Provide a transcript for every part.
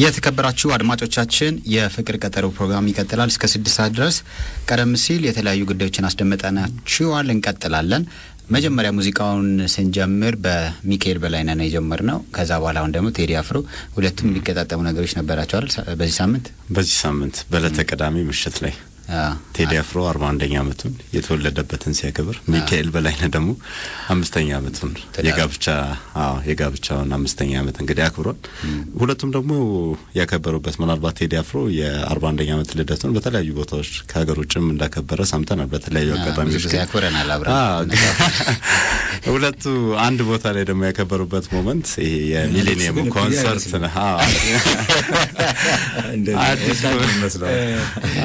የተከበራችሁ አድማጮቻችን የፍቅር ቀጠሮ ፕሮግራም ይቀጥላል እስከ ስድስት ሰዓት ድረስ። ቀደም ሲል የተለያዩ ጉዳዮችን አስደምጠናችኋል። እንቀጥላለን። መጀመሪያ ሙዚቃውን ስንጀምር በሚካኤል በላይነህ ነው የጀመርነው። ከዛ በኋላ አሁን ደግሞ ቴዲ አፍሮ። ሁለቱም የሚገጣጠሙ ነገሮች ነበራቸዋል። በዚህ ሳምንት በዚህ ሳምንት በዕለተ ቅዳሜ ምሽት ላይ ቴዲ አፍሮ አርባ አንደኛ አመቱን የተወለደበትን ሲያከብር ሚካኤል በላይነ ደግሞ አምስተኛ አመቱን የጋብቻ የጋብቻውን አምስተኛ አመት እንግዲህ አክብሯል። ሁለቱም ደግሞ ያከበሩበት ምናልባት ቴዲ አፍሮ የአርባ አንደኛ አመት ልደቱን በተለያዩ ቦታዎች ከሀገር ውጭም እንዳከበረ ሰምተናል። በተለያዩ አጋጣሚዎች ሁለቱ አንድ ቦታ ላይ ደግሞ ያከበሩበት ሞመንት ይሄ የሚሌኒየም ኮንሰርት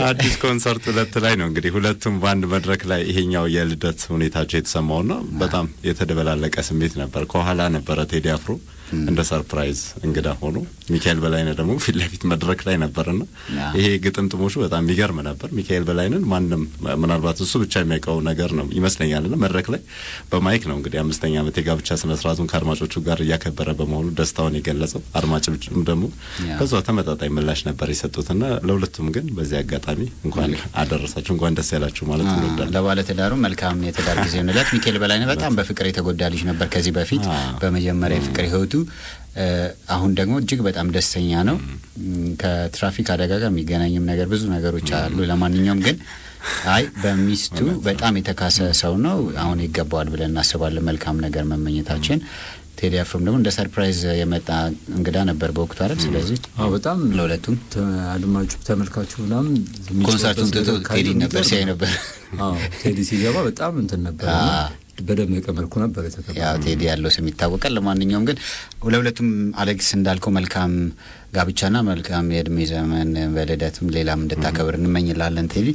አዲስ ኮንሰርት ኮንሰርት ሁለት ላይ ነው እንግዲህ ሁለቱም በአንድ መድረክ ላይ ይሄኛው የልደት ሁኔታቸው ነው። በጣም የተደበላለቀ ስሜት ነበር። ከኋላ ነበረ ቴዲ አፍሮ እንደ ሰርፕራይዝ እንግዳ ሆኖ፣ ሚካኤል በላይነህ ደግሞ ፊት ለፊት መድረክ ላይ ነበርና ይሄ ግጥምጥሞቹ በጣም የሚገርም ነበር። ሚካኤል በላይነን ማንም ምናልባት እሱ ብቻ የሚያውቀው ነገር ነው ይመስለኛልና መድረክ ላይ በማይክ ነው እንግዲህ አምስተኛ ዓመት የጋብቻ ስነ ስርዓቱን ከአድማጮቹ ጋር እያከበረ በመሆኑ ደስታውን የገለጸው አድማጭም ደግሞ በዛው ተመጣጣኝ ምላሽ ነበር የሰጡትና ለሁለቱም ግን በዚህ አጋጣሚ እንኳን አደረሳችሁ። እንኳን ደስ ያላችሁ ማለት እንወዳለን። ለባለ መልካም የትዳር ጊዜ ይሆንላት። ሚካኤል በላይነህ በጣም በፍቅር የተጎዳ ልጅ ነበር ከዚህ በፊት በመጀመሪያ የፍቅር ህይወቱ አሁን ደግሞ እጅግ በጣም ደስተኛ ነው። ከትራፊክ አደጋ ጋር የሚገናኝም ነገር ብዙ ነገሮች አሉ። ለማንኛውም ግን አይ በሚስቱ በጣም የተካሰ ሰው ነው። አሁን ይገባዋል ብለን እናስባለን። መልካም ነገር መመኘታችን ቴዲ አፍሮም ደግሞ እንደ ሰርፕራይዝ የመጣ እንግዳ ነበር በወቅቱ አይደል? ስለዚህ በጣም ለሁለቱም አድማጩ ተመልካቹ ምናምን ኮንሰርቱን ትቶ ቴዲ ነበር ሲያይ ነበር። ቴዲ ሲገባ በጣም እንትን ነበር በደመቀ መልኩ ነበር የተቀበለው። ቴዲ ያለው ስም ይታወቃል። ለማንኛውም ግን ለሁለቱም አሌክስ እንዳልከው መልካም ጋብቻና መልካም የእድሜ ዘመን በልደትም ሌላም እንድታከብር እንመኝላለን ቴዲ።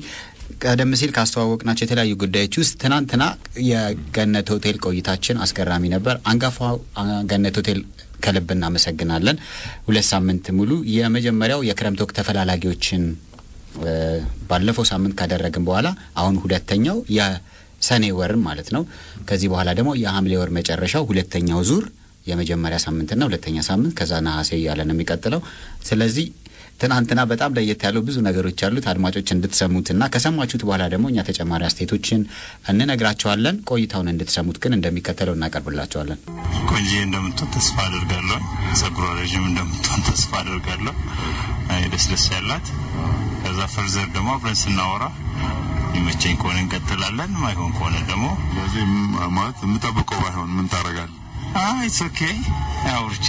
ቀደም ሲል ካስተዋወቅናቸው የተለያዩ ጉዳዮች ውስጥ ትናንትና የገነት ሆቴል ቆይታችን አስገራሚ ነበር። አንጋፋው ገነት ሆቴል ከልብ እናመሰግናለን። ሁለት ሳምንት ሙሉ የመጀመሪያው የክረምት ወቅት ተፈላላጊዎችን ባለፈው ሳምንት ካደረግን በኋላ አሁን ሁለተኛው የሰኔ ወርን ማለት ነው። ከዚህ በኋላ ደግሞ የሐምሌ ወር መጨረሻው ሁለተኛው ዙር የመጀመሪያ ሳምንትና ሁለተኛ ሳምንት ከዛ ነሐሴ እያለ ነው የሚቀጥለው። ስለዚህ ትናንትና በጣም ለየት ያለው ብዙ ነገሮች ያሉት አድማጮች እንድትሰሙትና ከሰማችሁት በኋላ ደግሞ እኛ ተጨማሪ አስተያየቶችን እንነግራቸዋለን። ቆይታውን እንድትሰሙት ግን እንደሚከተለው እናቀርብላቸዋለን። ቆንጆ እንደምትሆን ተስፋ አድርጋለሁ። ጸጉሯ ረዥም እንደምትሆን ተስፋ አድርጋለሁ። ደስ ደስ ያላት ከዛ ፈርዘር ደግሞ አብረን ስናወራ ይመቸኝ ከሆነ እንቀጥላለን፣ ማይሆን ከሆነ ደግሞ ስለዚህ ማለት የምጠብቀው ባይሆን ምን ታደርጋለህ? ኢትስ ኦኬ አውርቼ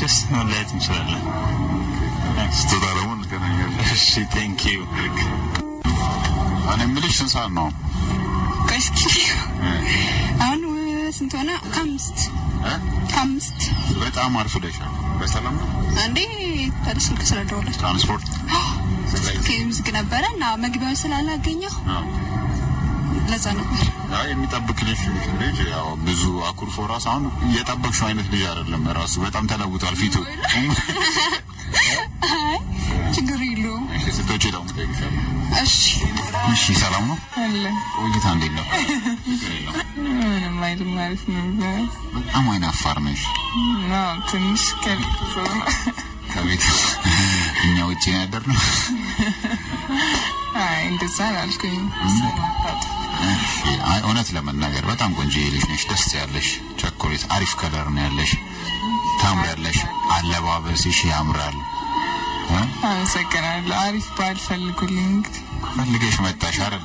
ጀስት መለያየት እንችላለን። ስትጠሩ እንገናኛለን። እሺ ቴንክ ዩ። እኔ የምልሽ ስንት ሰዓት ነው? እስኪ አሁን ስንት ሆነ? ከአምስት ከአምስት በጣም አርፍደሻል። በሰላም ነው እንዴ? ታዲያ ስልክ ስለደወለች ትራንስፖርት ዝግ ነበረ እና መግቢያውን ስላላገኘሁ ለዛ ነበር የሚጠብቅልሽ ልጅ ያው ብዙ አኩርፎ ራሱ አሁን እየጠበቅሽው አይነት ልጅ አይደለም። ራሱ በጣም ተለውጧል ፊቱ እሺ እሺ። ሰላም ነው አለ ቆይታ። እንዴት ነው? ምንም አይልም ማለት ነው። በጣም አይን አፋር ነሽ። ትንሽ ከቤተሰብ ነው ከቤት እኛ ውጭ ያደር ነው። አይ እንደዛ አላልኩኝ። አይ እውነት ለመናገር በጣም ቆንጆ ልጅ ነሽ። ደስ ያለሽ ቸኮሌት አሪፍ ከለር ነው ያለሽ። ታምራለሽ። አለባበስሽ ያምራል። አመሰግናለሁ። አሪፍ ባል ፈልጉልኝ እንግዲህ ፈልገሽ መጣሽ አይደል?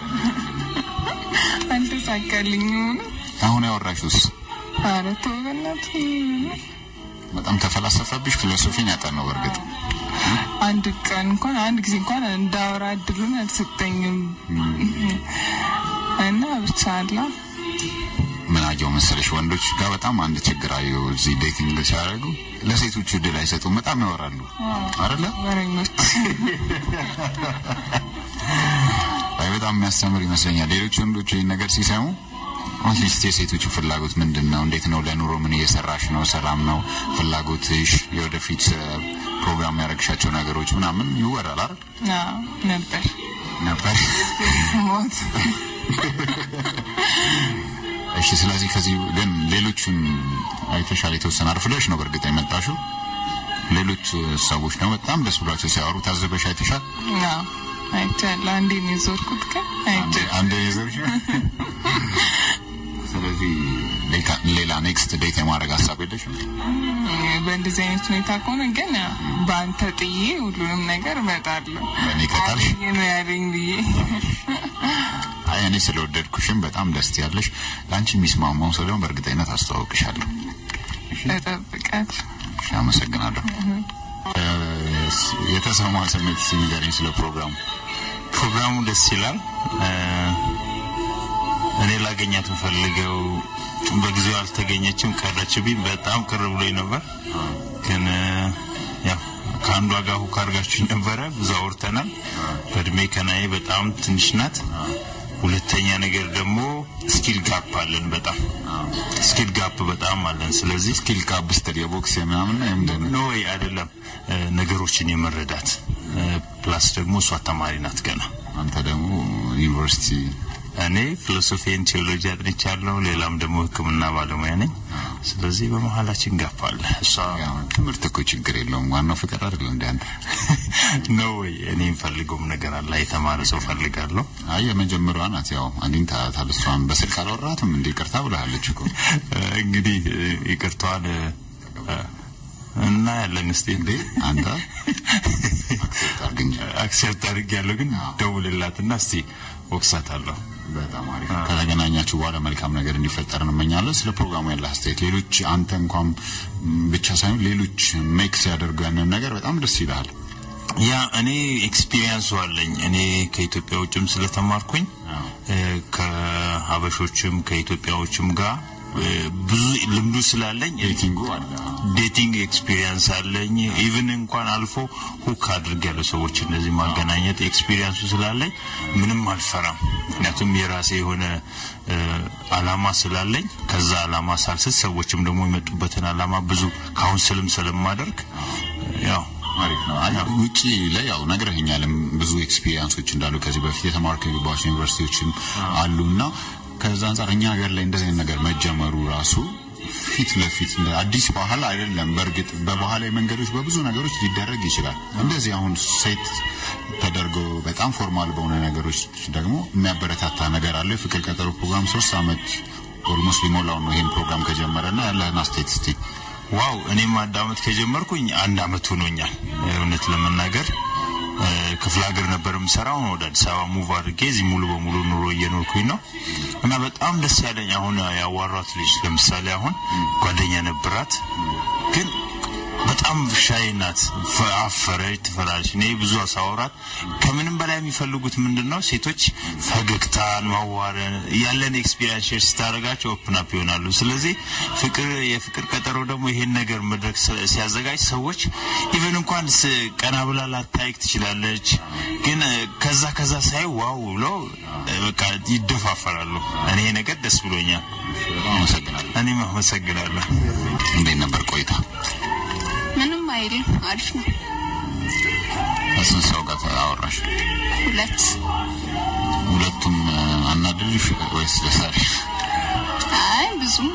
አልተሳካልኝ ሆነ። አሁን ያወራሽውስ? ኧረ ተው በእናትህ። በጣም ተፈላሰፈብሽ። ፊሎሶፊን ያጠናው በእርግጥ አንድ ቀን እንኳን አንድ ጊዜ እንኳን እንዳወራ እድሉን አልሰጠኝም እና ብቻ አላ ምን አየው መሰለሽ፣ ወንዶች ጋር በጣም አንድ ችግር አየው። እዚህ ዴቲንግ ሲያደርጉ ለሴቶቹ እድል አይሰጡም። በጣም ያወራሉ አይደለ? ወሬኞች አይ በጣም የሚያስተምር ይመስለኛል። ሌሎች ወንዶች ይህን ነገር ሲሰሙ አትሊስት የሴቶቹ ፍላጎት ምንድን ነው? እንዴት ነው? ለኑሮ ምን እየሰራሽ ነው? ሰላም ነው? ፍላጎትሽ፣ የወደፊት ፕሮግራም ያደረግሻቸው ነገሮች ምናምን ይወራል አይደል? ነበር ነበር ሞት እሺ ስለዚህ ከዚህ ግን ሌሎቹን አይተሻል። የተወሰነ አርፍደሽ ነው በእርግጥ የመጣሽው። ሌሎች ሰዎች ነው በጣም ደስ ብሏቸው ሲያወሩ ታዘበሽ አይተሻል። አይቻለሁ። አንዴ ነው የዞርኩት ቀን አይቻለሁ። አንዴ የዞርሽ ስለዚህ ሌላ ኔክስት ዴት የማድረግ ሀሳብ የለሽም? በእንደዚህ አይነት ሁኔታ ከሆነ ግን በአንተ ጥዬ ሁሉንም ነገር እመጣለሁ። በእኔ ከጣልሽ ነው ያለኝ ብዬ አይ እኔ ስለወደድኩሽም በጣም ደስ ያለሽ ለአንቺ የሚስማማውን ሰው ደግሞ በእርግጠኝነት አስተዋውቅሻለሁ። እጠብቃለሁ። አመሰግናለሁ። የተሰማ ስሜት ሲንገሪኝ ስለ ፕሮግራሙ ፕሮግራሙ ደስ ይላል። እኔ ላገኛት ፈልገው በጊዜው አልተገኘችም፣ ቀረችብኝ። በጣም ቅር ብሎኝ ነበር፣ ግን ያው ከአንዷ ጋር ሁክ አድርጋችሁኝ ነበረ። ብዙ አውርተናል። በእድሜ ከናዬ በጣም ትንሽ ናት። ሁለተኛ ነገር ደግሞ ስኪል ጋፕ አለን። በጣም ስኪል ጋፕ በጣም አለን። ስለዚህ ስኪል ጋፕ ስትል የቦክስ የምናምን ኖ ወይ አይደለም፣ ነገሮችን የመረዳት ክላስ ደግሞ እሷ ተማሪ ናት ገና። አንተ ደግሞ ዩኒቨርሲቲ። እኔ ፊሎሶፊን ቴዎሎጂ አጥንቻለሁ። ሌላም ደግሞ ሕክምና ባለሙያ ነኝ። ስለዚህ በመሀላችን ጋፕ እሷ ትምህርት እኮ ችግር የለውም ዋናው ፍቅር አይደለም። እንደ አንተ ነው ወይ? እኔ ፈልገውም ነገር አለ የተማረ ሰው ፈልጋለሁ። አይ የመጀመሪያዋ ናት፣ ያው አግኝታታል። እሷን በስልክ አላወራትም እንዲ ይቅርታ ብላለች እኮ እንግዲህ ይቅርታዋን እና ያለን እንዴ አንተ አክሴፕት አድርግ ያለው ግን ደውልላትና እስቲ ወቅሳታለሁ። በጣም አሪፍ። ከተገናኛችሁ በኋላ መልካም ነገር እንዲፈጠር እንመኛለን። ስለ ፕሮግራሙ ያለ አስተያየት፣ ሌሎች አንተ እንኳን ብቻ ሳይሆን ሌሎች ሜክስ ያደርጉ ያንን ነገር በጣም ደስ ይልሃል። ያ እኔ ኤክስፒሪየንሱ አለኝ። እኔ ከኢትዮጵያ ውጭም ስለተማርኩኝ ከሀበሾችም ከኢትዮጵያዎችም ጋር ብዙ ልምዱ ስላለኝ ዴቲንግ ኤክስፒሪየንስ አለኝ። ኢቭን እንኳን አልፎ ሁክ አድርግ ያለ ሰዎች እነዚህ ማገናኘት ኤክስፒሪየንሱ ስላለኝ ምንም አልፈራም። ምክንያቱም የራሴ የሆነ አላማ ስላለኝ ከዛ አላማ ሳልስት ሰዎችም ደግሞ የመጡበትን አላማ ብዙ ካውንስልም ስለማደርግ ያው ውጭ ላይ ያው ነግረኸኛልም ብዙ ኤክስፒሪየንሶች እንዳሉ ከዚህ በፊት የተማርከባቸው ዩኒቨርሲቲዎችም አሉ እና ከዛ አንጻር እኛ ሀገር ላይ እንደዚህ ነገር መጀመሩ ራሱ ፊት ለፊት አዲስ ባህል አይደለም። በእርግጥ በባህላዊ መንገዶች በብዙ ነገሮች ሊደረግ ይችላል። እንደዚህ አሁን ሴት ተደርጎ በጣም ፎርማል በሆነ ነገሮች ደግሞ የሚያበረታታ ነገር አለ። የፍቅር ቀጠሮ ፕሮግራም ሶስት አመት ኦልሞስት ሊሞላው ነው ይህን ፕሮግራም ከጀመረና ያለህን አስተያየት እስቲ። ዋው እኔም አንድ አመት ከጀመርኩኝ አንድ አመት ሆኖኛል እውነት ለመናገር ክፍለ ሀገር ነበር የምሰራው። ወደ አዲስ አበባ ሙቭ አድርጌ እዚህ ሙሉ በሙሉ ኑሮ እየኖርኩኝ ነው እና በጣም ደስ ያለኝ አሁን ያዋራት ልጅ ለምሳሌ አሁን ጓደኛ ነበራት ግን በጣም ሻይ ናት፣ አፈረች፣ ትፈላለች። እኔ ብዙ አሳወራት ከምንም በላይ የሚፈልጉት ምንድን ነው? ሴቶች ፈገግታን፣ ማዋረን ያለን ኤክስፒሪንስ ስታደርጋቸው አፕ ይሆናሉ። ስለዚህ ፍቅር የፍቅር ቀጠሮ ደግሞ ይሄን ነገር መድረክ ሲያዘጋጅ ሰዎች ኢቨን እንኳን ቀና ብላ ላታይክ ትችላለች፣ ግን ከዛ ከዛ ሳይ ዋው ብሎ በቃ ይደፋፈራሉ። እኔ ነገር ደስ ብሎኛል። አመሰግናለሁ። እኔም አመሰግናለሁ። እንዴት ነበር ቆይታ? ምንም አይልም። አሪፍ ነው። ከስንት ሰው ጋር አወራሽ? ሁለት ሁለቱም አናደዱሽ ወይስ ደስ አይ ብዙም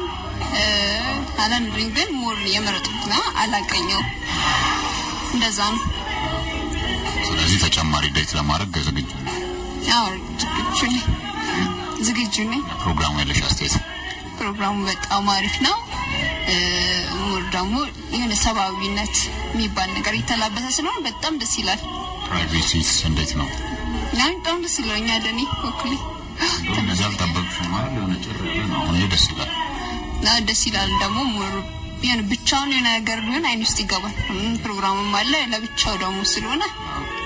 አላንድሪኝ ግን ሞር የመረጡትና አላቀኘው እንደዛ ነው። ስለዚህ ተጨማሪ ዴት ለማድረግ ዝግጁ ዝግጁ ነኝ። ፕሮግራሙ ያለሽ አስተያየት? ፕሮግራሙ በጣም አሪፍ ነው። ሞር ደግሞ የሆነ ሰብአዊነት የሚባል ነገር የተላበሰ ስለሆነ በጣም ደስ ይላል። ፕራይቬሲስ እንዴት ነው? ያን በጣም ደስ ይለኛ ለኔ ወክሌ እነዚህ አልጠበቅሽም ማለት ነው። ደስ ይላል ደስ ይላል ደግሞ ሞር ቢሆን ብቻውን የሆነ ነገር ቢሆን አይን ውስጥ ይገባል። ፕሮግራምም አለ ለብቻው ደግሞ ስለሆነ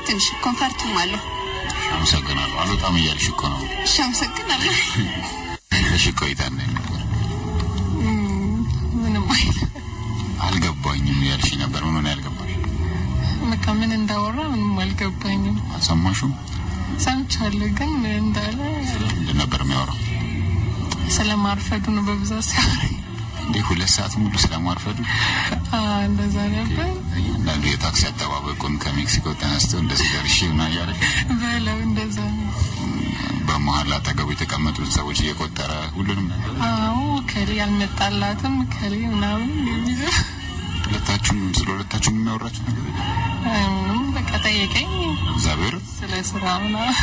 ትንሽ ኮንፈርትም አለው። አመሰግናለሁ። አልወጣም እያልሽ እኮ ነው። እሺ፣ አመሰግናለሁ። እሺ፣ ቆይታ ነው አልገባኝም ያልሽ ነበር። ምን ሆነ ያልገባሽ? በቃ ምን እንዳወራ ምንም አልገባኝም። አልሰማሽም? ሰምቻለሁ፣ ግን ምን እንዳለ ምንድን ነበር የሚያወራው? ስለማርፈዱ ነው በብዛት ሲያወራኝ። እንዴ ሁለት ሰዓት ሙሉ ስለማርፈዱ እንደዛ ነበር። እያንዳንዱ የታክሲ አጠባበቁን ከሜክሲኮ ተነስቶ እንደዚህ ደርሼ ምናምን እያለ በለው እንደዛ ነው በመሀል አጠገቡ የተቀመጡት ሰዎች እየቆጠረ ሁሉንም ነገር አዎ ከሌ አልመጣላትም ከሌ ምናምን የሚዘ ሁለታችሁም ስለ ሁለታችሁ የሚያወራችሁ ነገር በቃ ጠየቀኝ። እግዚአብሔር ስለ ስራ ምናምን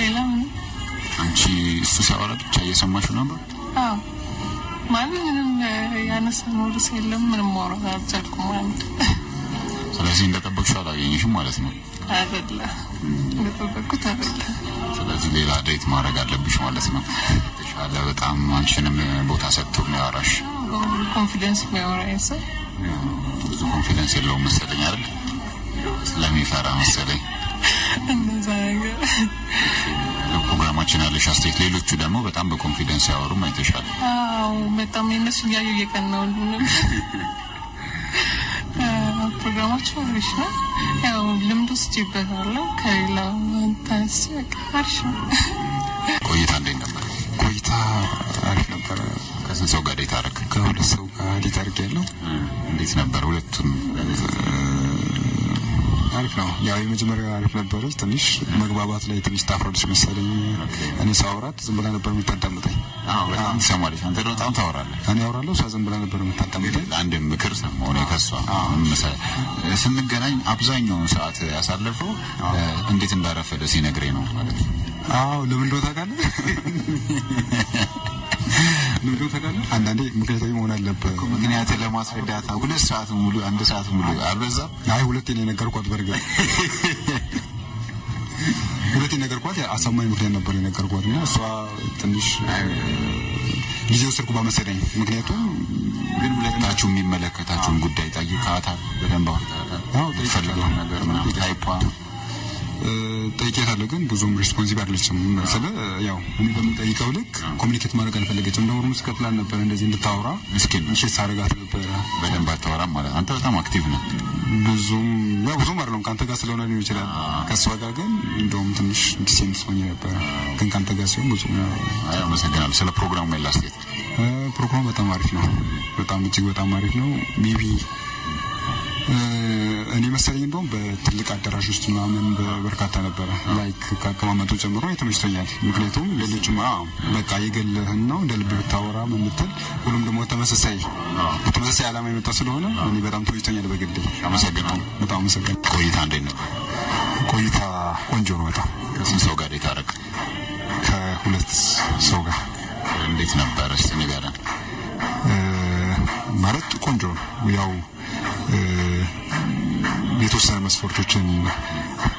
ሌላ ምን አንቺ እሱ ሲያወራ ብቻ እየሰማችሁ ነበር? አዎ ማለት ምንም ያነሳ ኖርስ የለም ምንም ማውራት አልቻልኩም ማለት ስለዚህ እንደጠበቅሽው አላገኘሽም ማለት ነው። ስለዚህ ሌላ ዴት ማድረግ አለብሽ ማለት ነው። የተሻለ በጣም አንቺንም ቦታ ሰጥቶ የሚያወራሽ ብዙ ኮንፊደንስ የለውም መሰለኝ አይደል? ስለሚፈራ መሰለኝ እንደዛ ነገር ፕሮግራማችን ያለሽ አስተያየት። ሌሎቹ ደግሞ በጣም በኮንፊደንስ ያወሩም አይተሻል። በጣም የነሱ እያየሁ እየቀናሁ ፕሮግራማቸው አሪፍ ነው። ያው ልምድ ውስጥ ወስጄበታለሁ። ከሌላ ታንስ አሪፍ ነው። ቆይታ እንዴት ነበር? ቆይታ አሪፍ ነበር። ከስንት ሰው ጋር ዴት አደረግ? ከሁለት ሰው ጋር ዴት ያለው እንዴት ነበር? ሁለቱም አሪፍ ነው። ያው የመጀመሪያ አሪፍ ነበረ። ትንሽ መግባባት ላይ ትንሽ ታፍራለች መሰለኝ። እኔ ሳወራት ዝም ብላ ነበር የምታዳምጠኝ። በጣም ትሰማለች። አንተ በጣም ታወራለህ። እኔ አወራለሁ፣ እሷ ዝም ብላ ነበር የምታዳምጠኝ። አንድ ምክር ሰማሁ እኔ ከእሷ ስንገናኝ አብዛኛውን ሰዓት ያሳለፈው እንዴት እንዳረፈደ ሲነግረኝ ነው ማለት ነው። አዎ ለምን እንደሆነ ታውቃለህ ልጆ ታውቃለህ፣ አንዳንዴ ምክንያታዊ መሆን አለበት። ምክንያት ለማስረዳት ሁለት ሰዓት ሙሉ አንድ ሰዓት ሙሉ አልበዛም? አይ ሁለቴ ነው የነገርኳት። በእርግጥ ሁለቴ የነገርኳት አሳማኝ ምክንያት ነበር የነገርኳት እና እሷ ትንሽ ጊዜው ወሰድኩ በመሰለኝ። ምክንያቱም ግን ሁለታችሁ የሚመለከታችሁን ጉዳይ ጠይቃታል በደንብ አውርታታል። ይፈለገው ነገር ምናምን ታይፓ ጠይቄታለሁ፣ ግን ብዙም ሪስፖንሲቭ አይደለችም። ስለ ያው እኔ በምጠይቀው ልክ ኮሚኒኬት ማድረግ አልፈለገችም። እንደውም ስቀጥላል ነበር እንደዚህ እንድታወራ እስኪ እሺ ሳረጋት ነበረ። በደንብ አታወራም ማለት አንተ በጣም አክቲቭ ነው። ብዙም ያው ብዙም አይደለም ከአንተ ጋር ስለሆነ ሊሆን ይችላል። ከእሷ ጋር ግን እንደውም ትንሽ ዲሴንት ሆኝ ነበረ፣ ግን ከአንተ ጋር ሲሆን ብዙ አመሰግናለሁ። ስለ ፕሮግራሙ ላስት ፕሮግራም በጣም አሪፍ ነው። በጣም እጅግ በጣም አሪፍ ነው ሜቢ እኔ መሰለኝ እንደውም በትልቅ አዳራሽ ውስጥ ምናምን በበርካታ ነበረ። ላይክ ከአቀማመጡ ጀምሮ የተመችቶኛል። ምክንያቱም ሌሎች በቃ የገለህን ነው እንደ ልብ ብታወራ ምምትል ሁሉም ደግሞ ተመሳሳይ በተመሳሳይ ዓላማ የመጣ ስለሆነ እኔ በጣም ተመችቶኛል። በግል በጣም አመሰግናለሁ። ቆይታ እንዴት ነው? ቆይታ ቆንጆ ነው። በጣም ከስንት ሰው ጋር የታረቅ? ከሁለት ሰው ጋር። እንዴት ነበረ ስ ንገረን። ማለት ቆንጆ ነው ያው የተወሰነ መስፈርቶችን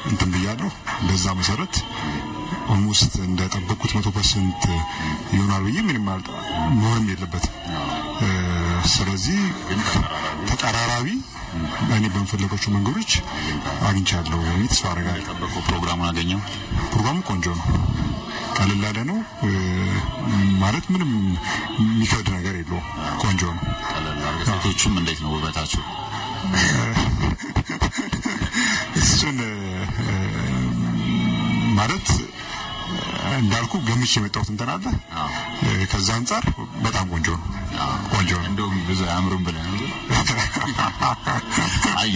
እንትን ብያለሁ። በዛ መሰረት ኦልሞስት እንደጠበቅኩት መቶ ፐርሰንት ይሆናል ብዬ ምንም መሆንም የለበትም። ስለዚህ ተቀራራቢ እኔ በምፈለጋቸው መንገዶች አግኝቻለሁ የሚል ተስፋ አደርጋለሁ። ፕሮግራሙን አገኘው። ፕሮግራሙ ቆንጆ ነው፣ ቀለል ያለ ነው ማለት ምንም የሚከብድ ነገር የለውም። ቆንጆ ነው። ሴቶቹም እንዴት ነው ውበታቸው? ist schon eine, äh, äh, እንዳልኩ ገምቼ የመጣሁት እንትን አለ። ከዛ አንጻር በጣም ቆንጆ ነው ቆንጆ ነው። እንደውም ብዙ አያምርም ብለህ ነው። አይ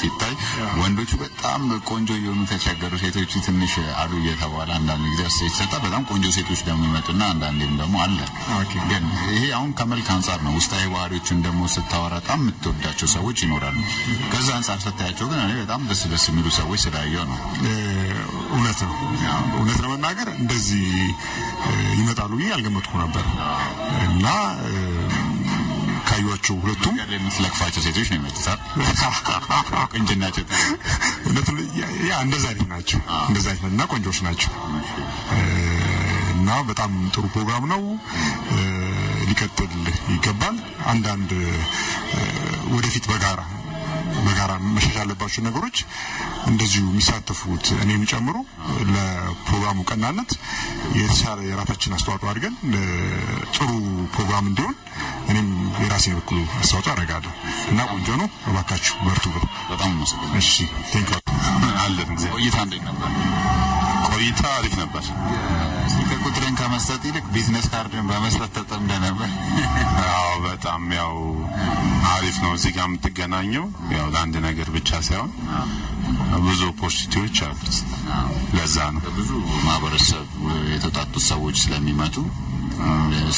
ሲታይ ወንዶቹ በጣም ቆንጆ የሆኑ ተቸገሩ፣ ሴቶቹ ትንሽ አሉ እየተባለ አንዳንድ ጊዜ ሲሰጣ በጣም ቆንጆ ሴቶች ደግሞ ይመጡና አንዳንዴም ደግሞ አለ። ግን ይሄ አሁን ከመልክ አንጻር ነው። ውስጣዊ ባህሪዎችን ደግሞ ስታወራ በጣም የምትወዳቸው ሰዎች ይኖራሉ። ከዛ አንጻር ስታያቸው ግን እኔ በጣም ደስ ደስ የሚሉ ሰዎች ስላየው ነው እውነት ነው። እውነት ለመናገር እንደዚህ ይመጣሉ ብዬ አልገመትኩ ነበር እና ካዩቸው ሁለቱም የምትለቅፋቸው ሴቶች ነው የመጡት። ቆንጅናቸው ያ እንደዛ ናቸው። እንደዛ እና ቆንጆች ናቸው እና በጣም ጥሩ ፕሮግራም ነው። ሊቀጥል ይገባል። አንዳንድ ወደፊት በጋራ በጋራ መሸሽ ያለባቸው ነገሮች እንደዚሁ የሚሳተፉት እኔም ጨምሮ ለፕሮግራሙ ቀናነት የተሻለ የራሳችን አስተዋጽኦ አድርገን ጥሩ ፕሮግራም እንዲሆን እኔም የራሴን በኩሉ አስተዋጽኦ አደርጋለሁ እና ቆንጆ ነው። እባካችሁ በርቱ። በጣም እሺ፣ ቆይታ እንዴት ነበር? ቆይታ አሪፍ ነበር። ስልክ ቁጥርን ከመስጠት ይልቅ ቢዝነስ ካርድን በመስጠት ተጠምደ ነበር። አዎ በጣም ያው አሪፍ ነው። እዚህ ጋር የምትገናኘው ያው ለአንድ ነገር ብቻ ሳይሆን ብዙ ኦፖርቹኒቲዎች አሉት። ለዛ ነው ብዙ ማህበረሰብ የተጣጡ ሰዎች ስለሚመጡ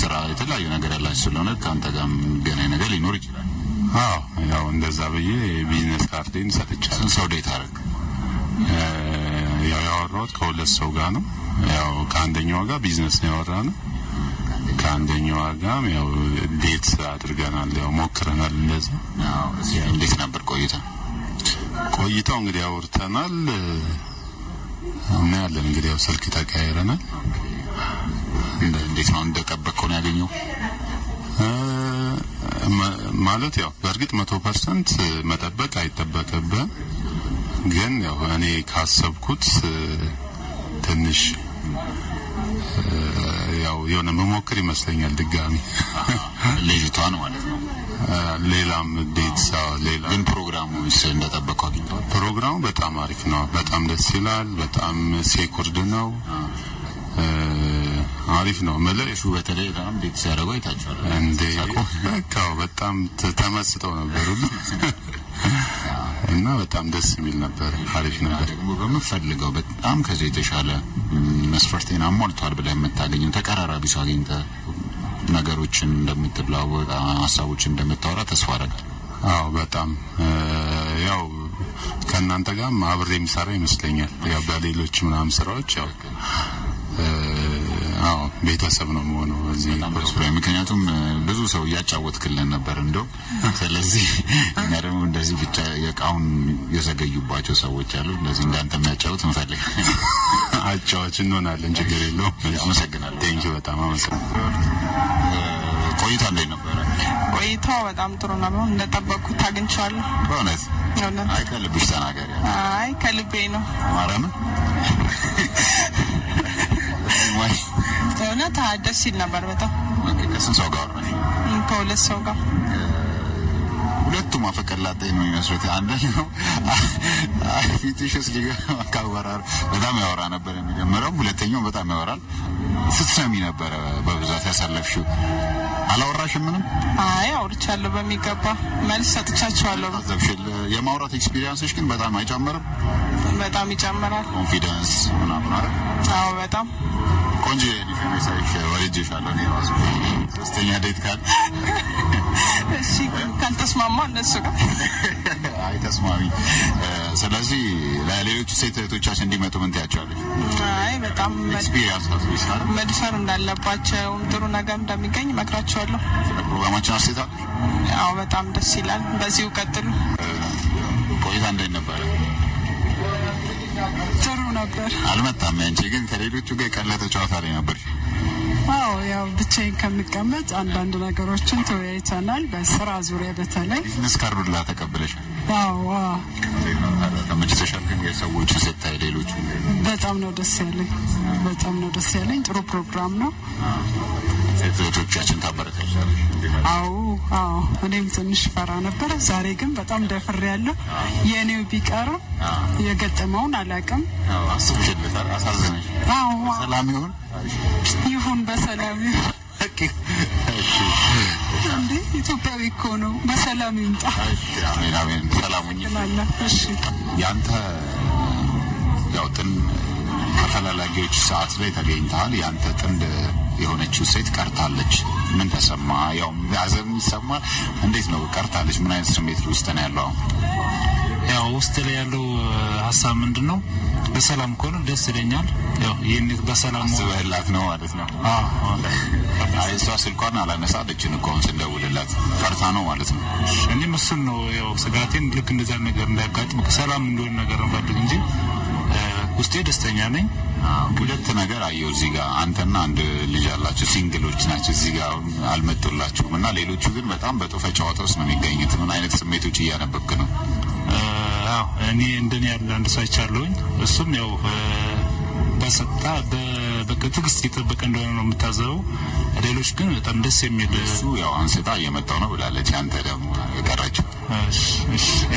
ስራ የተለያዩ ነገር ያላቸው ስለሆነ ከአንተ ጋር የሚገናኝ ነገር ሊኖር ይችላል። አዎ ያው እንደዛ ብዬ ቢዝነስ ካርዴን ሰጥቻለሁ። ሰው ዴት አረግ ያወራሁት ከሁለት ሰው ጋር ነው። ያው ከአንደኛዋ ጋር ቢዝነስ ነው ያወራ ነው። ከአንደኛዋ ጋር ያው ቤት አድርገናል፣ ያው ሞክረናል። እንደዚህ እንዴት ነበር ቆይታ? ቆይታው እንግዲህ አውርተናል እና ያለን እንግዲህ ያው ስልክ ተቀያይረናል። እንዴት ነው እንደጠበቅከው ነው ያገኘው? ማለት ያው በእርግጥ መቶ ፐርሰንት መጠበቅ አይጠበቅብህም ግን ያው እኔ ካሰብኩት ትንሽ ያው የሆነ መሞክር ይመስለኛል። ድጋሚ ልጅቷን ማለት ነው። ሌላም ዴት ሌላ ግን ፕሮግራሙ እንደጠበቀው አግኝተዋል። ፕሮግራሙ በጣም አሪፍ ነው። በጣም ደስ ይላል። በጣም ሴኩርድ ነው። አሪፍ ነው የምልህ እሱ በተለይ በጣም ቤት ሲያደርገው ይታችኋል እንዴ? በጣም ተመስጠው ነበር ሁሉ እና በጣም ደስ የሚል ነበር። አሪፍ ነበር። በምፈልገው በጣም ከዚህ የተሻለ መስፈርቴን አሟልቷል ብለህ የምታገኘው ተቀራራቢ ሰው ነገሮችን እንደምትለዋወቅ ሀሳቦችን እንደምታወራ ተስፋ አደርጋለሁ። አዎ በጣም ያው ከእናንተ ጋር አብሬ የሚሰራ ይመስለኛል። ያው በሌሎች ምናምን ስራዎች ያው አዎ ቤተሰብ ነው መሆነው እዚህ ፕሮግራም። ምክንያቱም ብዙ ሰው እያጫወትክልን ነበር እንደው። ስለዚህ እኛ ደግሞ እንደዚህ ብቻ የቃውን የዘገዩባቸው ሰዎች አሉ። እንደዚህ እንዳንተ የሚያጫወት እንፈልግ አጫዋች እንሆናለን። ችግር የለውም። አመሰግናለሁ። ቴንኪ በጣም አመሰግናለሁ። ቆይታ እንዴት ነበረ? ቆይታ በጣም ጥሩ ነው። እንደጠበቅኩት አግኝቼዋለሁ። በእውነት አይ ከልብሽ ተናገር አይ ከልቤ ነው። ማርያምን ክፍት የሆነ ደስ ይል ነበር በጣም ከስንት ሰው ጋር ከሁለት ሰው ጋር ሁለቱም አፈቀላጤ ነው የሚመስሉት። አንደኛው ፊትሽስ በጣም ያወራ ነበር የሚጀምረው፣ ሁለተኛው በጣም ያወራል። ስትሰሚ ነበረ በብዛት ያሳለፍሽው? አላወራሽ ምንም? አይ አውርቻለሁ በሚገባ መልስ ሰጥቻቸዋለሁ። የማውራት ኤክስፒሪየንስሽ ግን በጣም አይጨምርም? በጣም ይጨምራል። ኮንፊደንስ ምናምን። አዎ በጣም ቆንጆ ዲፌንደር ታሪክ ወድጄሻለሁ። እኔ ራሱ ሶስተኛ ዴት ካል እሺ፣ ካልተስማማ እነሱ ጋር አይ ተስማሚ። ስለዚህ ለሌሎቹ ሴት እህቶቻችን እንዲመጡ ምን ትያቸዋለሽ? አይ በጣም መድፈር እንዳለባቸው ጥሩ ነገር እንደሚገኝ እመክራቸዋለሁ። ፕሮግራማችን አስሴታል። አዎ በጣም ደስ ይላል። በዚሁ ቀጥሉ። ቆይታ እንዴት ነበረ? ጥሩ ነበር። አልመጣም። አንቺ ግን ከሌሎቹ ጋር የቀለጠ ጨዋታ ላይ ነበር። አዎ ያው ብቻዬን ከምቀመጥ አንዳንድ ነገሮችን ተወያይተናል። በስራ ዙሪያ በተለይ ቢዝነስ ካርዱላ ተቀብለሽ ሰዎቹ ስታይ ሌሎቹ በጣም ነው ደስ ያለኝ። በጣም ነው ደስ ያለኝ። ጥሩ ፕሮግራም ነው። ሴት እህቶቻችን ታበረታቻለሽ? አዎ አዎ፣ እኔም ትንሽ ፈራ ነበረ። ዛሬ ግን በጣም ደፍሬ ያለሁ የእኔው ቢቀርም የገጠመውን አላውቅም። አስብሽለታል? አሳዘነሽ? ሰላም ይሁን ይሁን፣ በሰላም ይሁን። እንዴ ኢትዮጵያዊ እኮ ነው። በሰላም ይምጣ። ያንተ ያው ጥንድ ተፈላላጊዎች ሰዓት ላይ ተገኝተሃል። ያንተ ጥንድ የሆነችው ሴት ቀርታለች። ምን ተሰማ? ያው ሀዘን ይሰማል። እንዴት ነው ቀርታለች? ምን አይነት ስሜት ውስጥ ነው ያለው? ያው ውስጥ ላይ ያለው ሀሳብ ምንድን ነው? በሰላም ከሆነ ደስ ይለኛል። ይህ በሰላም ስበህላት ነው ማለት ነው። እሷ ስልኳን አላነሳለች እኮ አሁን ስንደውልላት ፈርታ ነው ማለት ነው። እኔም እሱን ነው ያው ስጋቴን ልክ እንደዛ ነገር እንዳያጋጥም ሰላም እንደሆነ ነገር እንፈልግ እንጂ ውስጤ ደስተኛ ነኝ። ሁለት ነገር አየሁ እዚህ ጋ አንተና አንድ ልጅ አላቸው ሲንግሎች ናቸው። እዚህ ጋ አልመጡላችሁም እና ሌሎቹ ግን በጣም በጦፈ ጨዋታ ውስጥ ነው የሚገኙት። ምን አይነት ስሜቶች እያነበብክ ነው? እኔ እንደኔ ያለ አንድ ሰው አይቻለሁኝ። እሱም ያው በሰጣ ትዕግስት እየጠበቀ እንደሆነ ነው የምታዘበው። ሌሎች ግን በጣም ደስ የሚል እሱ ያው አንስታ እየመጣው ነው ብላለች። አንተ ደግሞ የቀራቸው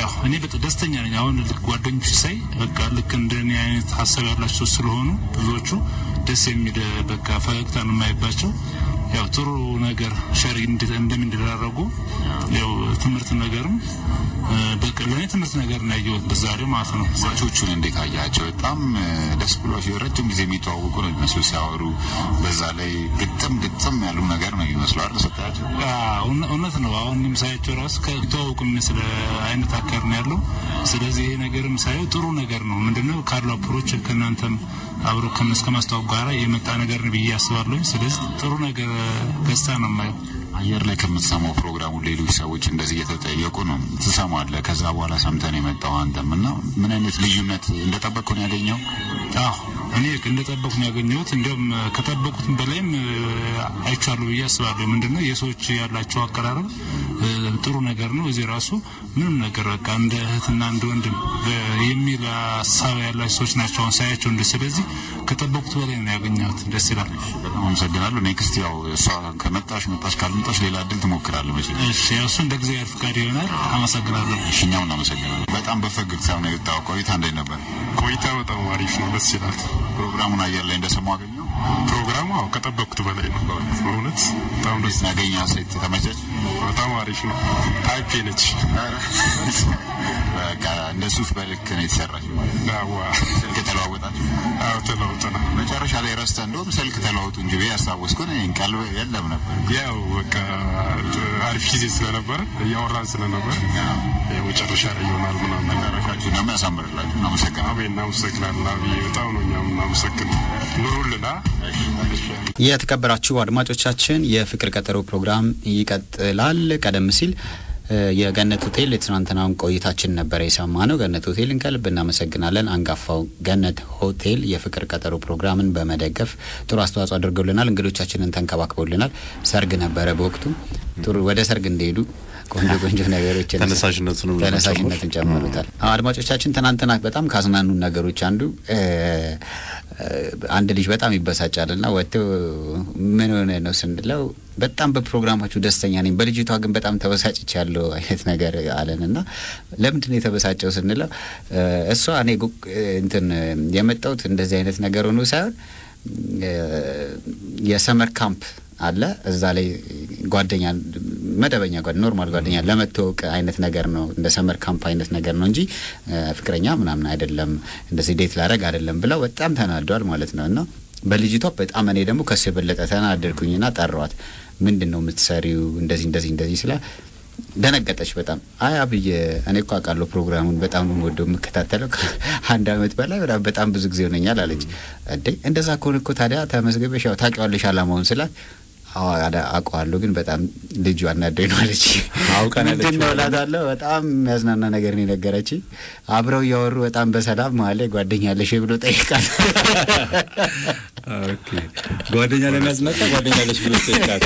ያው እኔ በጣም ደስተኛ ነኝ። አሁን ጓደኞች ሳይ በቃ ልክ እኔ አይነት ሀሳብ ያላቸው ስለሆኑ ብዙዎቹ ደስ የሚል በቃ ፈገግታ ነው የማይባቸው ያው ጥሩ ነገር ሸሪ እንደምን እንደደራረጉ ያው ትምህርት ነገርም በቃ ለእኔ ትምህርት ነገር ነው ያየሁት በዛሬው ማለት ነው። ዛቾቹን እንዴት አያቸው? በጣም ደስ ብሏቸው ረጅም ጊዜ የሚተዋወቁ ነው የሚመስሉ ሲያወሩ፣ በዛ ላይ ግጥም ግጥም ያሉ ነገር ነው የሚመስሉ አይደል? ሰጣቸው እውነት ነው። አሁን ሳያቸው ራሱ ከተዋወቁ ስለ አይነት አካር ነው ያለው። ስለዚህ ይሄ ነገርም ሳየው ጥሩ ነገር ነው። ምንድነው ካሉ አፕሮች ከእናንተም አብሮ ከመስከ ማስታወቅ ጋር የመጣ ነገር ብዬ አስባለሁ። ስለዚህ ጥሩ ነገር ገጽታ ነው የማየው። አየር ላይ ከምትሰማው ፕሮግራሙ ሌሎች ሰዎች እንደዚህ እየተጠየቁ ነው ትሰማለህ። ከዛ በኋላ ሰምተን የመጣው አንተም እና ምን አይነት ልዩነት እንደጠበቅኩ ነው ያገኘው? አዎ እኔ እንደጠበቅኩ ነው ያገኘሁት። እንዲሁም ከጠበቁትም በላይም አይቻሉ ብዬ አስባለሁ። ምንድነው የሰዎች ያላቸው አቀራረብ ጥሩ ነገር ነው። እዚህ ራሱ ምንም ነገር በቃ እንደ እህትና እንደ ወንድም የሚል ሀሳብ ያላቸው ሰዎች ናቸው። አሁን ሳያቸው እንደ ስለዚህ ከጠበቁት በላይ ነው ያገኘሁት። ደስ ይላል። በጣም አመሰግናለሁ። ኔክስት ያው እሷ ከመጣሽ መጣሽ፣ ካልመጣሽ ሌላ እድል ትሞክራለ መቼ። እሺ፣ እሱ እንደ እግዚአብሔር ፍቃድ ይሆናል። አመሰግናለሁ። እሽኛው እኛም እናመሰግናለን። በጣም በፈገግታ ነው የወጣው። ቆይታ እንዴት ነበር? ቆይታ በጣም አሪፍ ነው። ደስ ይላል። ፕሮግራሙን አየር ላይ እንደሰማሁ አገኘ ፕሮግራሙ አዎ ከጠበቅኩት በላይ ነው። በእውነት በጣም ደስ ያገኘ ሴት ተመቸች። በጣም አሪፍ ነው። ታይፔ ነች። እንደ ሱፍ በልክ ነው የተሰራች ማለት ስልክ ተለዋወጣችሁ? አዎ ተለዋውጠናል። መጨረሻ ላይ ረስተ እንደውም ስልክ ተለዋውጡ እንጂ ብዬ ያስታወስኩን ቀልብ የለም ነበር። ያው በቃ አሪፍ ጊዜ ስለነበረ እያወራን ስለነበረ መጨረሻ ላይ ይሆናል ምናምን። መጨረሻችሁ ደግሞ ያሳምርላችሁ። እናመሰግናለን። አቤት እናመሰግናለን። አብዬ በጣም ነው እኛም እናመሰግናለን። የተከበራችሁ አድማጮቻችን የፍቅር ቀጠሮ ፕሮግራም ይቀጥላል። ቀደም ሲል የገነት ሆቴል የትናንትናውን ቆይታችን ነበረ የሰማ ነው። ገነት ሆቴልን ከልብ እናመሰግናለን። አንጋፋው ገነት ሆቴል የፍቅር ቀጠሮ ፕሮግራምን በመደገፍ ጥሩ አስተዋጽኦ አድርገውልናል። እንግዶቻችንን ተንከባክበውልናል። ሰርግ ነበረ በወቅቱ ጥሩ ወደ ሰርግ እንደሄዱ ቆንጆ ቆንጆ ነገሮች ተነሳሽነቱንም ተነሳሽነትን ጨምሩታል። አድማጮቻችን ትናንትና በጣም ካዝናኑ ነገሮች አንዱ አንድ ልጅ በጣም ይበሳጫል ና ወጥ ምን ሆነ ነው ስንለው በጣም በፕሮግራማችሁ ደስተኛ ነኝ፣ በልጅቷ ግን በጣም ተበሳጭቻለሁ አይነት ነገር አለን እና ለምንድን ነው የተበሳጨው ስንለው እሷ እኔ እንትን የመጣሁት እንደዚህ አይነት ነገር ሆኖ ሳይሆን የሰመር ካምፕ አለ እዛ ላይ ጓደኛ መደበኛ ጓደኛ ኖርማል ጓደኛ ለመተወቅ አይነት ነገር ነው፣ እንደ ሰመር ካምፕ አይነት ነገር ነው እንጂ ፍቅረኛ ምናምን አይደለም፣ እንደዚህ ዴት ላረግ አይደለም ብለው በጣም ተናዷል ማለት ነው እና በልጅቷ በጣም እኔ ደግሞ ከሱ የበለጠ ተናደድኩኝና ጠሯት። ምንድን ነው የምትሰሪው? እንደዚህ እንደዚህ እንደዚህ ስላ ደነገጠች በጣም። አይ አብዬ እኔ እኮ አውቃለሁ ፕሮግራሙን በጣም ወዶ የምከታተለው አንድ አመት በላይ በጣም ብዙ ጊዜ ሆነኛል አለች። እንዴ እንደዛ ከሆነ እኮ ታዲያ ተመዝገበሽ ያው ታውቂዋለሽ አላማውን ስላት አውቀዋለሁ ግን በጣም ልጁ አናደኝ ነው አለች። ምንድን ነው እላታለሁ። በጣም የሚያዝናና ነገር ነው የነገረች። አብረው እያወሩ በጣም በሰላም መሀል ላይ ጓደኛ አለሽ ብሎ ጠይቃል። ጓደኛ ለሚያዝመጣ ጓደኛ አለሽ ብሎ ጠይቃል።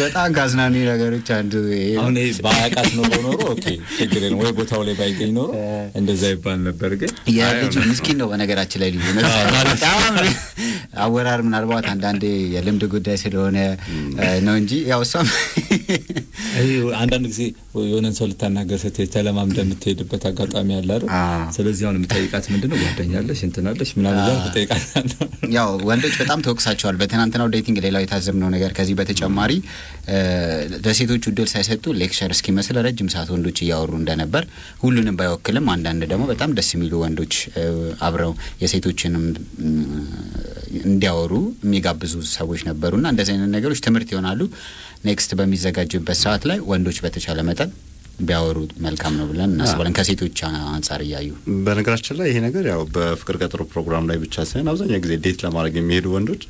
በጣም ከአዝናኒ ነገሮች አንዱ አሁን በአያቃት ኖሮ ኖሮ ችግር የለም ወይ ቦታው ላይ ባይገኝ ኖሮ እንደዛ ይባል ነበር። ግን የልጁ ምስኪን ነው በነገራችን ላይ ልዩነት በጣም አወራር ምናልባት አንዳንዴ የልምድ ጉዳይ ስለሆነ ነው እንጂ ያው እሷም አንዳንድ ጊዜ የሆነን ሰው ልታናገር ስትሄድ ተለማም እንደምትሄድበት አጋጣሚ አለ አይደል? ስለዚህ አሁን የምጠይቃት ምንድን ነው ጓደኛለሽ እንትናለሽ ምናምን ትጠይቃታለህ። ያው ወንዶች በጣም ተወቅሳቸዋል በትናንትናው ዴቲንግ። ሌላው የታዘብነው ነገር ከዚህ በተጨማሪ ለሴቶቹ እድል ሳይሰጡ ሌክቸር እስኪመስል ረጅም ሰዓት ወንዶች እያወሩ እንደነበር ሁሉንም ባይወክልም፣ አንዳንድ ደግሞ በጣም ደስ የሚሉ ወንዶች አብረው የሴቶችንም እንዲያወሩ የሚጋብዙ ሰዎች ነበሩና እንደዚህ አይነት ነገሮች ትምህርት ይሆናሉ ኔክስት በሚዘ በሚዘጋጅበት ሰዓት ላይ ወንዶች በተቻለ መጠን ቢያወሩ መልካም ነው ብለን እናስባለን፣ ከሴቶች አንጻር እያዩ። በነገራችን ላይ ይሄ ነገር ያው በፍቅር ቀጠሮ ፕሮግራም ላይ ብቻ ሳይሆን አብዛኛው ጊዜ ዴት ለማድረግ የሚሄዱ ወንዶች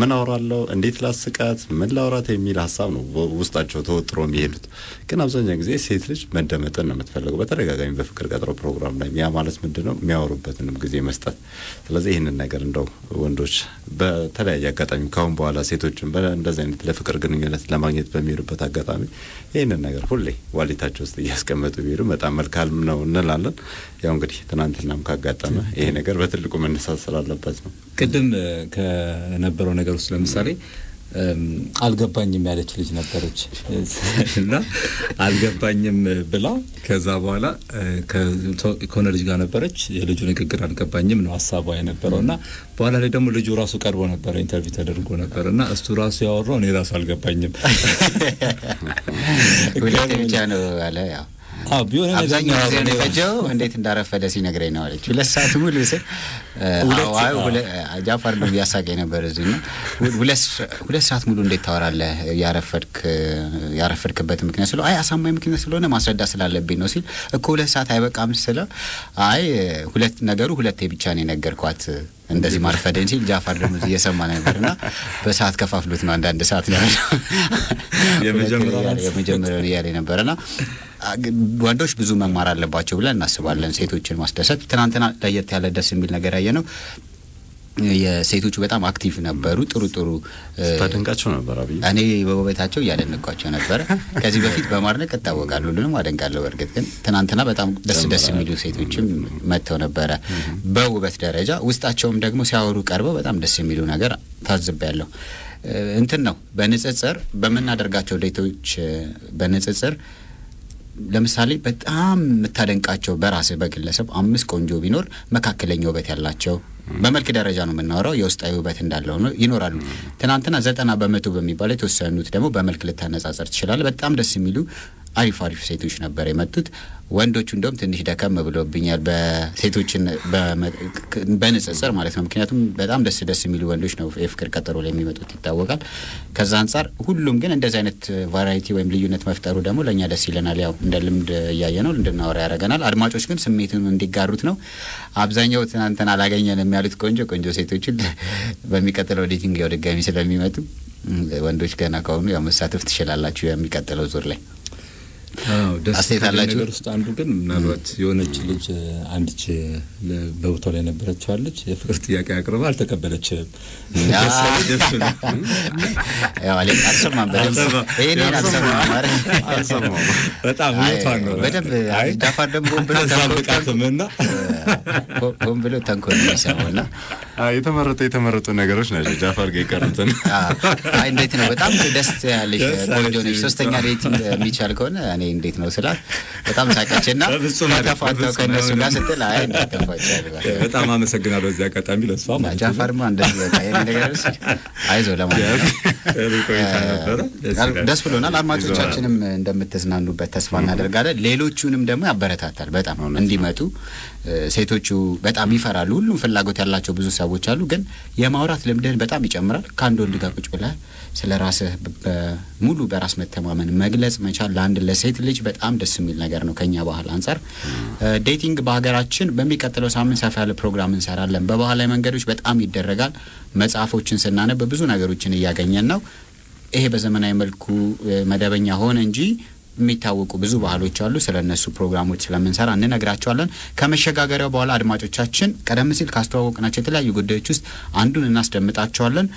ምን አወራለው፣ እንዴት ላስቃት፣ ምን ላውራት የሚል ሀሳብ ነው ውስጣቸው ተወጥሮ የሚሄዱት። ግን አብዛኛው ጊዜ ሴት ልጅ መደመጥን ነው የምትፈልገው በተደጋጋሚ በፍቅር ቀጠሮ ፕሮግራም ላይ። ያ ማለት ምንድን ነው የሚያወሩበትንም ጊዜ መስጠት። ስለዚህ ይህንን ነገር እንደው ወንዶች በተለያየ አጋጣሚ ካሁን በኋላ ሴቶችን እንደዚህ አይነት ለፍቅር ግንኙነት ለማግኘት በሚሄዱበት አጋጣሚ ይህንን ነገር ሁሌ ዋሊታቸው ውስጥ እያስቀመጡ ቢሄዱ በጣም መልካም ነው እንላለን። ያው እንግዲህ ትናንትናም ካጋጠመ ይሄ ነገር በትልቁ መነሳት ስላለበት ነው። ቅድም ከነበረው ነገር ውስጥ ለምሳሌ አልገባኝም ያለች ልጅ ነበረች እና አልገባኝም ብላ ከዛ በኋላ ከሆነ ልጅ ጋር ነበረች። የልጁ ንግግር አልገባኝም ነው ሀሳቧ የነበረው እና በኋላ ላይ ደግሞ ልጁ ራሱ ቀርቦ ነበረ፣ ኢንተርቪው ተደርጎ ነበር እና እሱ ራሱ ያወራው እኔ ራሱ አልገባኝም ብቻ ነው ያለ ያው ቢሆንም አብዛኛው ጊዜ የፈጀው እንዴት እንዳረፈደ ሲነግረኝ ነው አለች። ሁለት ሰዓት ሙሉ ስል ጃፋር ነው እያሳቀኝ ነበር። እዚህ ነው ሁለት ሰዓት ሙሉ እንዴት ታወራለህ ያረፈድክበት ምክንያት ስለው አይ አሳማኝ ምክንያት ስለሆነ ማስረዳት ስላለብኝ ነው ሲል እኮ ሁለት ሰዓት አይበቃም ስለው አይ ሁለት ነገሩ ሁለቴ ብቻ ነው የነገርኳት እንደዚህ ማርፈደን ሲል ጃፋር ደግሞ እየሰማ ነበር እና በሰዓት ከፋፍሎት ነው አንዳንድ ሰዓት ነው እያለ ነበር እና ወንዶች ብዙ መማር አለባቸው ብለን እናስባለን። ሴቶችን ማስደሰት ትናንትና ለየት ያለ ደስ የሚል ነገር ያየ ነው። የሴቶቹ በጣም አክቲቭ ነበሩ። ጥሩ ጥሩ ስታደንቃቸው ነበር። አብይ እኔ በውበታቸው እያደነኳቸው ነበረ። ከዚህ በፊት በማድነቅ እታወቃለሁ፣ ሁሉንም አደንቃለሁ። በእርግጥ ግን ትናንትና በጣም ደስ ደስ የሚሉ ሴቶችም መጥተው ነበረ በውበት ደረጃ። ውስጣቸውም ደግሞ ሲያወሩ ቀርበው በጣም ደስ የሚሉ ነገር ታዝቤያለሁ። እንትን ነው በንጽጽር በምናደርጋቸው ዴቶች በንጽጽር ለምሳሌ በጣም የምታደንቃቸው በራስህ በግለሰብ አምስት ቆንጆ ቢኖር መካከለኛ ውበት ያላቸው በመልክ ደረጃ ነው የምናወራው። የውስጣዊ ውበት እንዳለው ነው ይኖራሉ። ትናንትና ዘጠና በመቶ በሚባለው የተወሰኑት ደግሞ በመልክ ልታነጻጸር ትችላለ። በጣም ደስ የሚሉ አሪፍ አሪፍ ሴቶች ነበር የመጡት። ወንዶቹ እንደውም ትንሽ ደከም ብሎብኛል በሴቶችን በንጽጽር ማለት ነው። ምክንያቱም በጣም ደስ ደስ የሚሉ ወንዶች ነው የፍቅር ቀጠሮ ላይ የሚመጡት ይታወቃል። ከዛ አንጻር ሁሉም ግን እንደዚህ አይነት ቫራይቲ ወይም ልዩነት መፍጠሩ ደግሞ ለእኛ ደስ ይለናል። ያው እንደ ልምድ እያየ ነው እንድናወራ ያደርገናል። አድማጮች ግን ስሜትን እንዲጋሩት ነው። አብዛኛው ትናንትን አላገኘንም ያሉት ቆንጆ ቆንጆ ሴቶችን በሚቀጥለው ዴቲንግ ያው ድጋሚ ስለሚመጡ ወንዶች ገና ከሆኑ ያው መሳተፍ ትችላላችሁ የሚቀጥለው ዙር ላይ አስተያየት አላቸው ነገር ውስጥ አንዱ ግን ምናልባት የሆነች ልጅ አንድች በቦታው ላይ የፍቅር ጥያቄ አቅርባ አልተቀበለችም። የተመረጡ የተመረጡ ነገሮች ናቸው። ጃፋር ጋ የቀሩትን እንዴት ነው በጣም ደስ ያለች ሶስተኛ ሬቲንግ የሚቻል ከሆነ እኔ ይሄ እንዴት ነው ስላት በጣም ና ተፋተው ከእነሱ ጋር ስትል አይ በጣም አመሰግናለሁ። እዚህ አጋጣሚ ለእሷ ጃፋርማ እንደዚህ በቃ የኔ ነገር አይዞ ለማለት ደስ ብሎናል። አድማጮቻችንም እንደምትዝናኑበት ተስፋ እናደርጋለን። ሌሎቹንም ደግሞ ያበረታታል በጣም እንዲመጡ። ሴቶቹ በጣም ይፈራሉ። ሁሉም ፍላጎት ያላቸው ብዙ ሰዎች አሉ፣ ግን የማውራት ልምድህን በጣም ይጨምራል። ከአንድ ወንድ ጋር ቁጭ ብለህ ስለ ራስህ ሙሉ በራስ መተማመን መግለጽ መቻል ለአንድ ለሴት ልጅ በጣም ደስ የሚል ነገር ነው ከኛ ባህል አንጻር። ዴቲንግ በሀገራችን በሚቀጥለው ሳምንት ሰፋ ያለ ፕሮግራም እንሰራለን። በባህላዊ መንገዶች በጣም ይደረጋል። መጽሐፎችን ስናነብ ብዙ ነገሮችን እያገኘን ነው። ይሄ በዘመናዊ መልኩ መደበኛ ሆነ እንጂ የሚታወቁ ብዙ ባህሎች አሉ። ስለ እነሱ ፕሮግራሞች ስለምንሰራ እንነግራቸዋለን። ከመሸጋገሪያው በኋላ አድማጮቻችን ቀደም ሲል ካስተዋወቅናቸው የተለያዩ ጉዳዮች ውስጥ አንዱን እናስደምጣቸዋለን።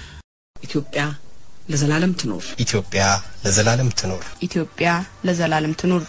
ኢትዮጵያ ለዘላለም ትኑር። ኢትዮጵያ ለዘላለም ትኑር። ኢትዮጵያ ለዘላለም ትኑር።